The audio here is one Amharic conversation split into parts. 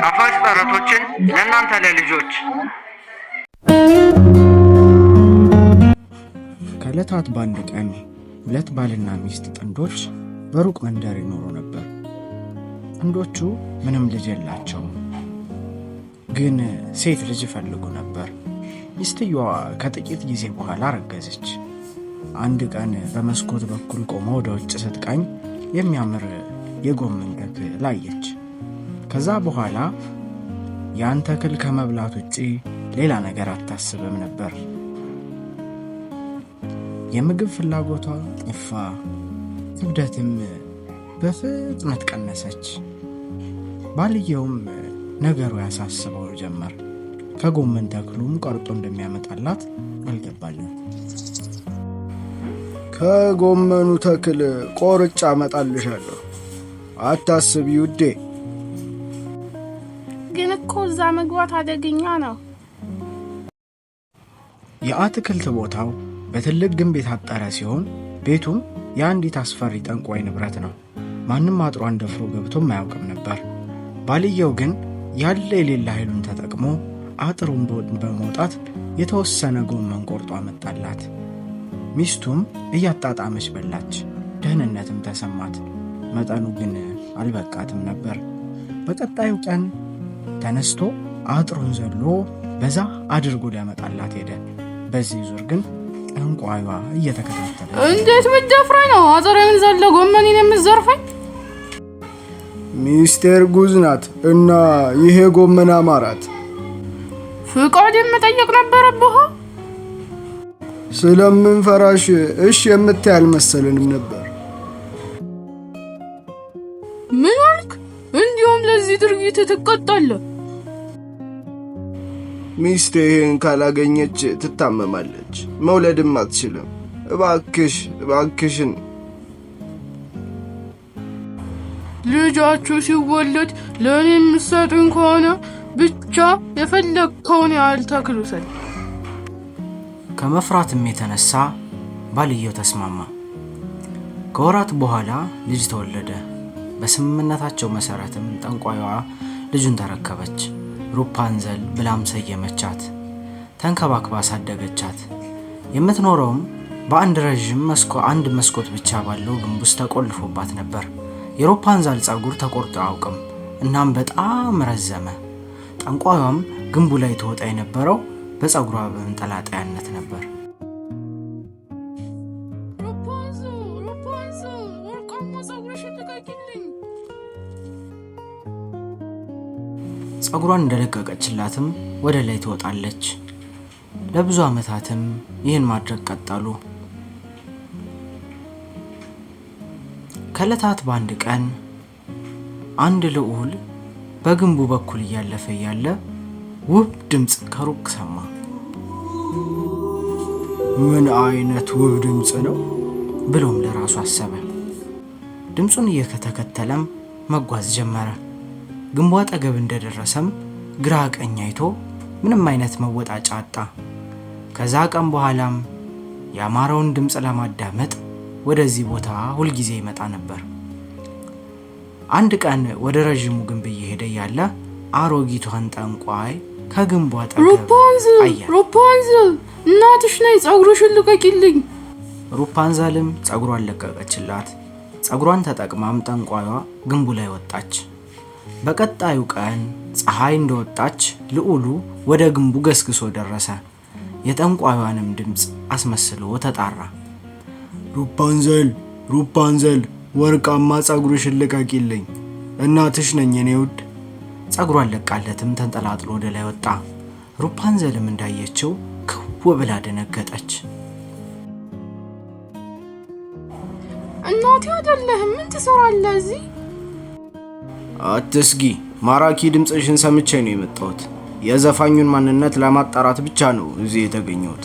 ጣፋጭ ተረቶችን ለእናንተ ለልጆች ከዕለታት በአንድ ቀን ሁለት ባልና ሚስት ጥንዶች በሩቅ መንደር ይኖሩ ነበር። ጥንዶቹ ምንም ልጅ የላቸውም፣ ግን ሴት ልጅ ይፈልጉ ነበር። ሚስትየዋ ከጥቂት ጊዜ በኋላ ረገዘች። አንድ ቀን በመስኮት በኩል ቆመ ወደ ውጭ ስትቃኝ የሚያምር የጎመን ተክል ላየች። ከዛ በኋላ ያን ተክል ከመብላት ውጪ ሌላ ነገር አታስብም ነበር። የምግብ ፍላጎቷ ጠፋ፣ ክብደትም በፍጥነት ቀነሰች። ባልየውም ነገሩ ያሳስበው ጀመር። ከጎመን ተክሉም ቀርጦ እንደሚያመጣላት አልገባለም። ከጎመኑ ተክል ቆርጫ አመጣልሻለሁ፣ አታስቢ ውዴ እኮ እዛ መግባት አደገኛ ነው። የአትክልት ቦታው በትልቅ ግንብ የታጠረ ሲሆን ቤቱም የአንዲት አስፈሪ ጠንቋይ ንብረት ነው። ማንም አጥሯን ደፍሮ ገብቶም አያውቅም ነበር። ባልየው ግን ያለ የሌለ ኃይሉን ተጠቅሞ አጥሩን በመውጣት የተወሰነ ጎመን ቆርጦ አመጣላት። ሚስቱም እያጣጣመች በላች። ደህንነትም ተሰማት። መጠኑ ግን አልበቃትም ነበር። በቀጣዩ ቀን ተነስቶ አጥሩን ዘሎ በዛ አድርጎ ሊያመጣላት ሄደ። በዚህ ዙር ግን ጠንቋይዋ እየተከታተለ እንዴት ምደፍራ ነው አጥሬን ዘሎ ጎመኔን የምትዘርፈኝ? ሚስቴር ጉዝ ናት እና ይሄ ጎመን አማራት። ፍቃድ የምጠየቅ ነበረብህ። ስለምንፈራሽ እሽ የምታይ አልመሰልንም ነበር ትቆጣለህ። ሚስቴ ይህን ካላገኘች ትታመማለች፣ መውለድም አትችልም። እባክሽ እባክሽን ልጃችሁ ሲወለድ ለእኔ የምትሰጡኝ ከሆነ ብቻ የፈለግከውን ያህል ተክሉሰል። ከመፍራትም የተነሳ ባልየው ተስማማ። ከወራት በኋላ ልጅ ተወለደ። በስምምነታቸው መሠረትም ጠንቋዩዋ ልጁን ተረከበች። ሩፓንዘል ብላም ሰየመቻት። ተንከባክባ አሳደገቻት። የምትኖረውም በአንድ ረዥም መስኮ አንድ መስኮት ብቻ ባለው ግንብ ውስጥ ተቆልፎባት ነበር። የሮፓንዛል ጸጉር ተቆርጦ አያውቅም። እናም በጣም ረዘመ። ጠንቋዩም ግንቡ ላይ ተወጣ የነበረው በጸጉሯ በመንጠላጠያነት ነበር። ፀጉሯን እንደለቀቀችላትም ወደ ላይ ትወጣለች። ለብዙ ዓመታትም ይህን ማድረግ ቀጠሉ። ከለታት በአንድ ቀን አንድ ልዑል በግንቡ በኩል እያለፈ እያለ ውብ ድምፅ ከሩቅ ሰማ። ምን አይነት ውብ ድምፅ ነው ብሎም ለራሱ አሰበ። ድምፁን እየተከተለም መጓዝ ጀመረ። ግንቧ አጠገብ እንደደረሰም ግራ ቀኝ አይቶ ምንም አይነት መወጣጫ አጣ። ከዛ ቀን በኋላም የአማራውን ድምፅ ለማዳመጥ ወደዚህ ቦታ ሁልጊዜ ይመጣ ነበር። አንድ ቀን ወደ ረዥሙ ግንብ እየሄደ ያለ አሮጊቷን ጠንቋይ ከግንቧ አጠገብ ሩፓንዝል፣ እናትሽ ነይ ጸጉርሽን ልቀቂልኝ። ሩፓንዛልም ጸጉሯን ለቀቀችላት። ጸጉሯን ተጠቅማም ጠንቋዩ ግንቡ ላይ ወጣች። በቀጣዩ ቀን ፀሐይ እንደወጣች ልዑሉ ወደ ግንቡ ገስግሶ ደረሰ። የጠንቋዩንም ድምፅ አስመስሎ ተጣራ። ሩፓንዘል ሩፓንዘል፣ ወርቃማ ፀጉርሽን ልቀቂልኝ፣ እናትሽ ነኝ እኔ ውድ። ፀጉሯን ለቃለትም ተንጠላጥሎ ወደ ላይ ወጣ። ሩፓንዘልም እንዳየችው ክው ብላ ደነገጠች። እናቴ አይደለህም ምን ትሰራለህ እዚህ? አትስጊ፣ ማራኪ ድምፅሽን ሰምቼ ነው የመጣሁት። የዘፋኙን ማንነት ለማጣራት ብቻ ነው እዚህ የተገኘሁት።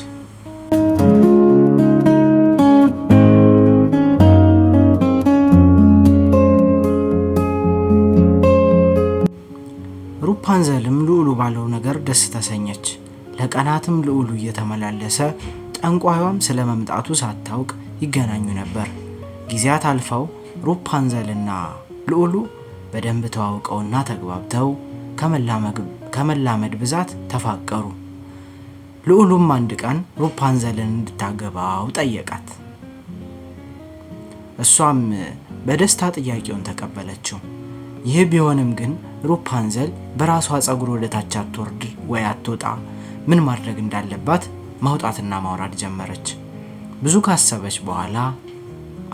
ሩፓንዘልም ልዑሉ ባለው ነገር ደስ ተሰኘች። ለቀናትም ልዑሉ እየተመላለሰ ጠንቋዩም ስለ መምጣቱ ሳታውቅ ይገናኙ ነበር። ጊዜያት አልፈው ሩፓንዘልና ልዑሉ በደንብ ተዋውቀውና ተግባብተው ከመላመድ ብዛት ተፋቀሩ። ልዑሉም አንድ ቀን ራፑንዛልን እንድታገባው ጠየቃት። እሷም በደስታ ጥያቄውን ተቀበለችው። ይህ ቢሆንም ግን ሩፓንዘል በራሷ ጸጉር ወደ ታች አትወርድ ወይ አትወጣ፣ ምን ማድረግ እንዳለባት ማውጣትና ማውራድ ጀመረች። ብዙ ካሰበች በኋላ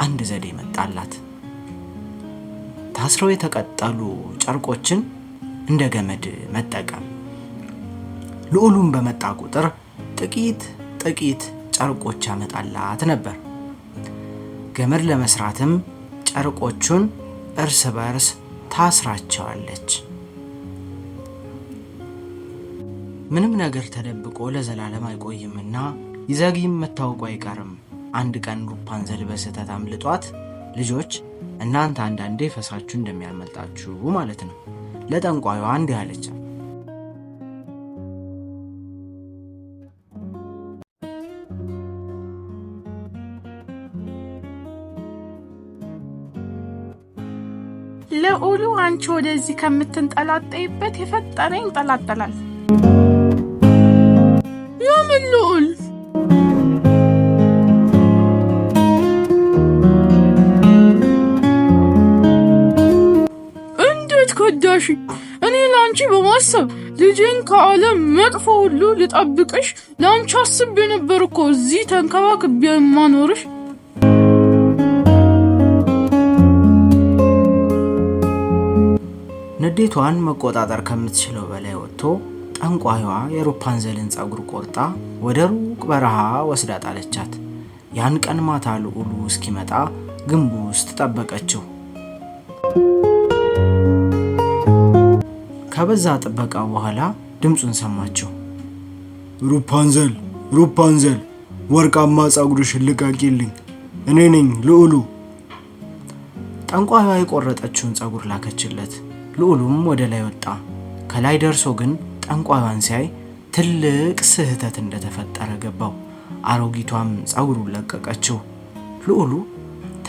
አንድ ዘዴ መጣላት። ታስረው የተቀጠሉ ጨርቆችን እንደ ገመድ መጠቀም። ልዑሉን በመጣ ቁጥር ጥቂት ጥቂት ጨርቆች ያመጣላት ነበር። ገመድ ለመስራትም ጨርቆቹን እርስ በርስ ታስራቸዋለች። ምንም ነገር ተደብቆ ለዘላለም አይቆይምና ይዘግይም መታወቁ አይቀርም። አንድ ቀን ሩፓን ዘል በስህተት አምልጧት ልጆች እናንተ አንዳንዴ ፈሳችሁ እንደሚያመልጣችሁ ማለት ነው ለጠንቋዩ አንድ ያለች። ለኦሉ አንቺ ወደዚህ ከምትንጠላጠይበት የፈጠረኝ ይንጠላጠላል። ነሽ። እኔ ለአንቺ በማሰብ ልጄን ከዓለም መጥፎ ሁሉ ልጠብቅሽ ለአንቺ አስቤ ነበር እኮ እዚህ ተንከባክቤ የማኖርሽ። ንዴቷን መቆጣጠር ከምትችለው በላይ ወጥቶ ጠንቋይዋ የራፑንዛልን ጸጉር ቆርጣ ወደ ሩቅ በረሃ ወስዳ ጣለቻት። ያን ቀን ማታ ልዑሉ እስኪመጣ ግንቡ ውስጥ ጠበቀችው። ከበዛ ጥበቃ በኋላ ድምፁን ሰማቸው። ሩፓንዘል ሩፓንዘል፣ ወርቃማ ጸጉርሽን ልቀቂልኝ፣ እኔ ነኝ ልዑሉ። ጠንቋይዋ የቆረጠችውን ጸጉር ላከችለት። ልዑሉም ወደ ላይ ወጣ። ከላይ ደርሶ ግን ጠንቋይዋን ሲያይ ትልቅ ስህተት እንደተፈጠረ ገባው። አሮጊቷም ጸጉሩን ለቀቀችው። ልዑሉ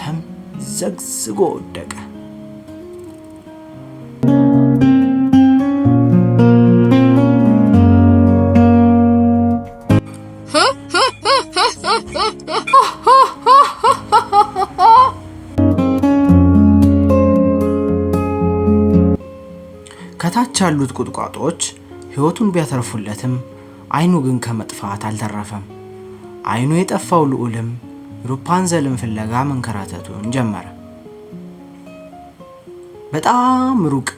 ተምዘግዝጎ ወደቀ። ያሉት ቁጥቋጦዎች ሕይወቱን ቢያተርፉለትም አይኑ ግን ከመጥፋት አልተረፈም። አይኑ የጠፋው ልዑልም ሩፓንዘልን ፍለጋ መንከራተቱን ጀመረ። በጣም ሩቅ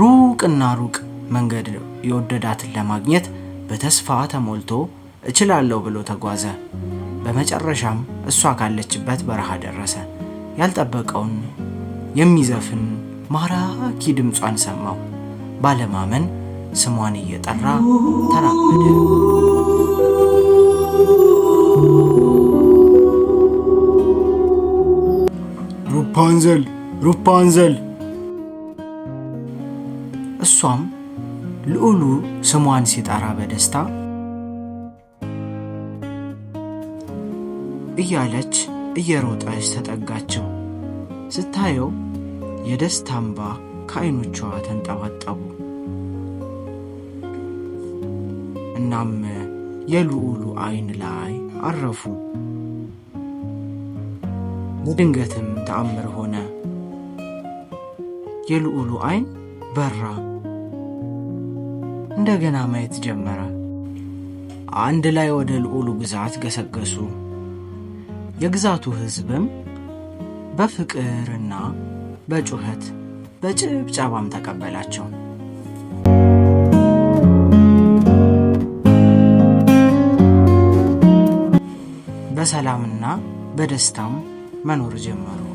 ሩቅና ሩቅ መንገድ የወደዳትን ለማግኘት በተስፋ ተሞልቶ እችላለሁ ብሎ ተጓዘ። በመጨረሻም እሷ ካለችበት በረሃ ደረሰ። ያልጠበቀውን የሚዘፍን ማራኪ ድምጿን ሰማው። ባለማመን ስሟን እየጠራ ተራመደ። ሩፓንዘል ሩፓንዘል። እሷም ልዑሉ ስሟን ሲጠራ በደስታ እያለች እየሮጠች ተጠጋችው። ስታየው የደስታ እንባ ከአይኖቿ ተንጠባጠቡ። እናም የልዑሉ አይን ላይ አረፉ። በድንገትም ተአምር ሆነ። የልዑሉ አይን በራ፣ እንደገና ማየት ጀመረ። አንድ ላይ ወደ ልዑሉ ግዛት ገሰገሱ። የግዛቱ ሕዝብም በፍቅርና በጩኸት በጭብጨባም ተቀበላቸው። በሰላምና በደስታም መኖር ጀመሩ።